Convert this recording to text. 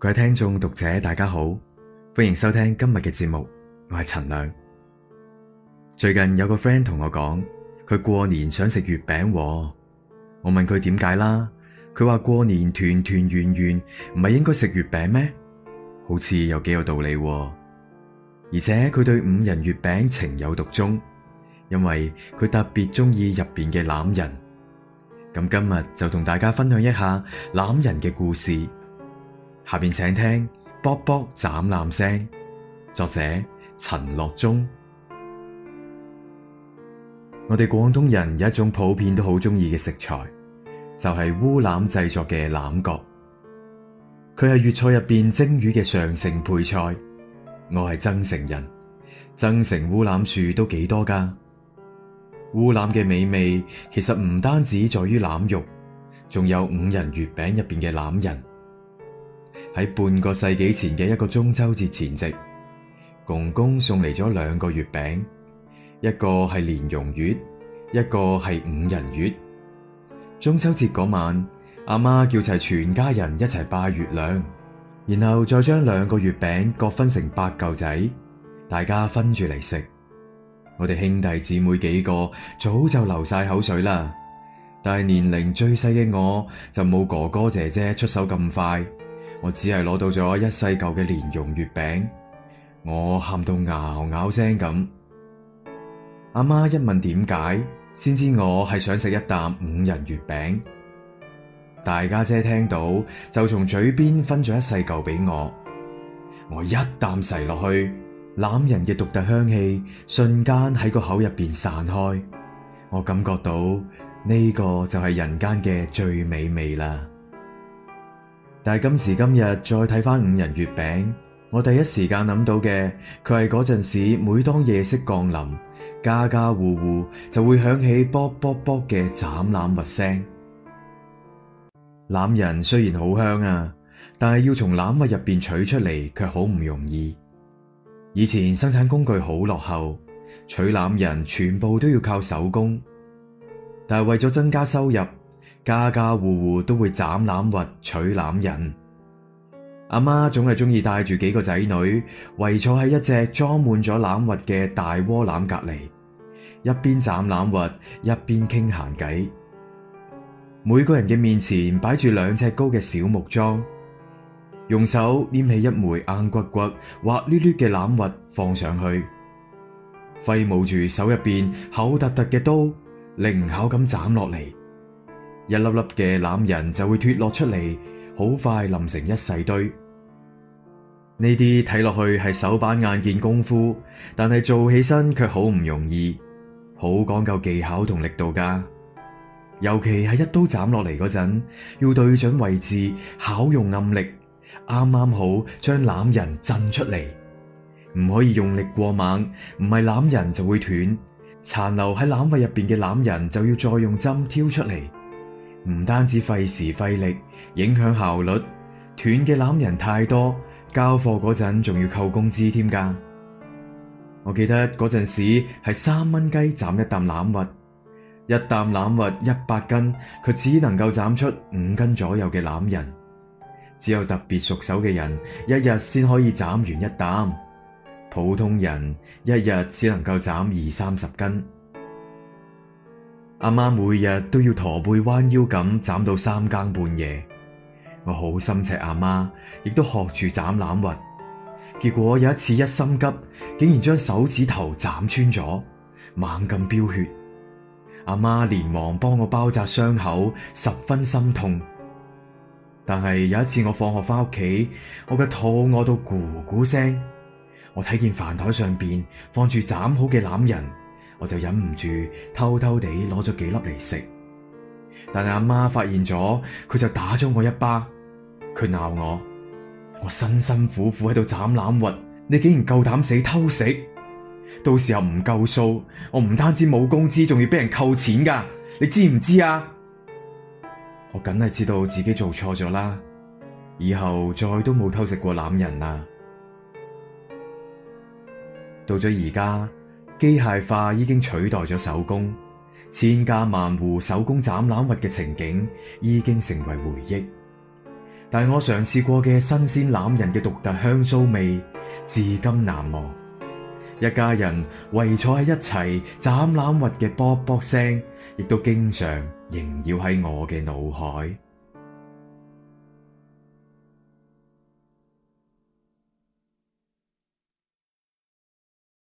各位聽眾讀者大家好，歡迎收聽今日嘅節目，我係陳亮。最近有個 friend 同我講，佢過年想食月餅，我問佢點解啦？佢話過年團團圓圓唔係應該食月餅咩？好似有幾有道理，而且佢對五仁月餅情有獨鍾，因為佢特別中意入邊嘅欖人欖仁。咁今日就同大家分享一下欖仁嘅故事。下面請聽《卜卜斬欖聲》，作者陳樂中。我哋廣東人有一種普遍都好中意嘅食材，就係烏欖製作嘅欖角。佢係粵菜入邊蒸魚嘅上乘配菜。我係增城人，增城烏欖樹都幾多噶。烏欖嘅美味其實唔單止在於欖肉，仲有五仁月餅入邊嘅欖仁。喺半個世紀前嘅一個中秋節前夕，公公送嚟咗兩個月餅，一個係蓮蓉月，一個係五仁月。中秋節嗰晚，阿媽叫齊全家人一齊拜月亮，然後再將兩個月餅各分成八嚿仔，大家分住嚟食。我哋兄弟姊妹幾個早就流晒口水啦，但係年齡最細嘅我就冇哥哥姐姐出手咁快。我只係攞到咗一細舊嘅蓮蓉月餅，我喊到咬咬聲咁。阿媽一問點解，先知我係想食一啖五仁月餅。大家姐聽到就從嘴邊分咗一細舊俾我，我一啖噬落去，欖仁嘅獨特香氣瞬間喺個口入邊散開，我感覺到呢個就係人間嘅最美味啦。但係今時今日再睇翻五仁月餅，我第一時間諗到嘅佢係嗰陣時，每當夜色降臨，家家戶戶就會響起卜卜卜嘅斬欖核聲。欖仁雖然好香啊，但係要從欖核入邊取出嚟卻好唔容易。以前生產工具好落後，取欖仁全部都要靠手工，但係為咗增加收入，家家戶戶都會斬欖核取欖仁。阿媽總係中意帶住幾個仔女圍坐喺一隻裝滿咗欖核嘅大鍋欖隔籬，一邊斬欖核，一邊傾閒偈。每個人嘅面前擺住兩尺高嘅小木樁，用手拈起一枚硬骨骨、滑捋捋嘅欖核放上去，揮舞住手入邊厚突突嘅刀，靈巧咁斬落嚟一粒粒嘅欖仁就會脫落出嚟，好快冧成一細堆。呢啲睇落去係手板眼見功夫，但係做起身卻好唔容易，好講究技巧同力度噶。尤其係一刀斬落嚟嗰陣，要對準位置，巧用暗力，啱啱好將欖仁震出嚟。唔可以用力過猛，唔係欖仁就會斷。殘留喺欖核入邊嘅欖仁就要再用針挑出嚟。唔單止費時費力，影響效率，斷嘅欖仁太多，交貨嗰陣仲要扣工資添㗎。我記得嗰陣時係三蚊雞斬一擔欖核，一擔欖核一百斤，佢只能夠斬出五斤左右嘅欖仁，只有特別熟手嘅人一日先可以斬完一擔，普通人一日只能夠斬二三十斤。阿媽每日都要駝背彎腰咁斬到三更半夜，我好心赤阿媽，亦都學住斬欖核。結果有一次一心急，竟然將手指頭斬穿咗，猛咁飆血。阿媽連忙幫我包紮傷口，十分心痛。但係有一次我放學翻屋企，我嘅肚餓到咕咕聲，我睇見飯台上邊放住斬好嘅欖仁。我就忍唔住偷偷地攞咗幾粒嚟食，但阿媽發現咗，佢就打咗我一巴，佢鬧我，我辛辛苦苦喺度斬欖核，你竟然夠膽死偷食，到時候唔夠數，我唔單止冇工資，仲要俾人扣錢噶，你知唔知啊？我梗係知道自己做錯咗啦，以後再都冇偷食過欖仁啦。到咗而家。機械化已經取代咗手工，千家萬戶手工斬欖核嘅情景已經成為回憶。但我嘗試過嘅新鮮欖仁嘅獨特香酥味，至今難忘。一家人圍坐喺一齊斬欖核嘅卜卜聲，亦都經常縈繞喺我嘅腦海。